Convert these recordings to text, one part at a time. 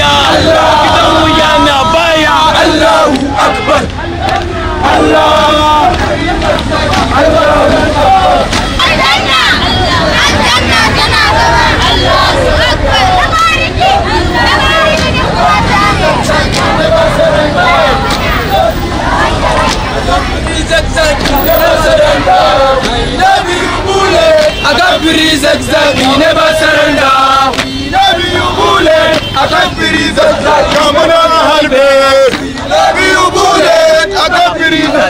Allah! zigzag, we never surrender. We love you, bullet. I can't breathe the Come on, harvest. We love you, bullet. I can't breathe the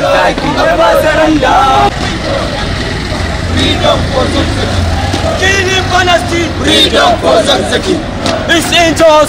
never surrender. Freedom for Zelensky. Kill him, Palestine. Freedom for Zelensky. It's injustice.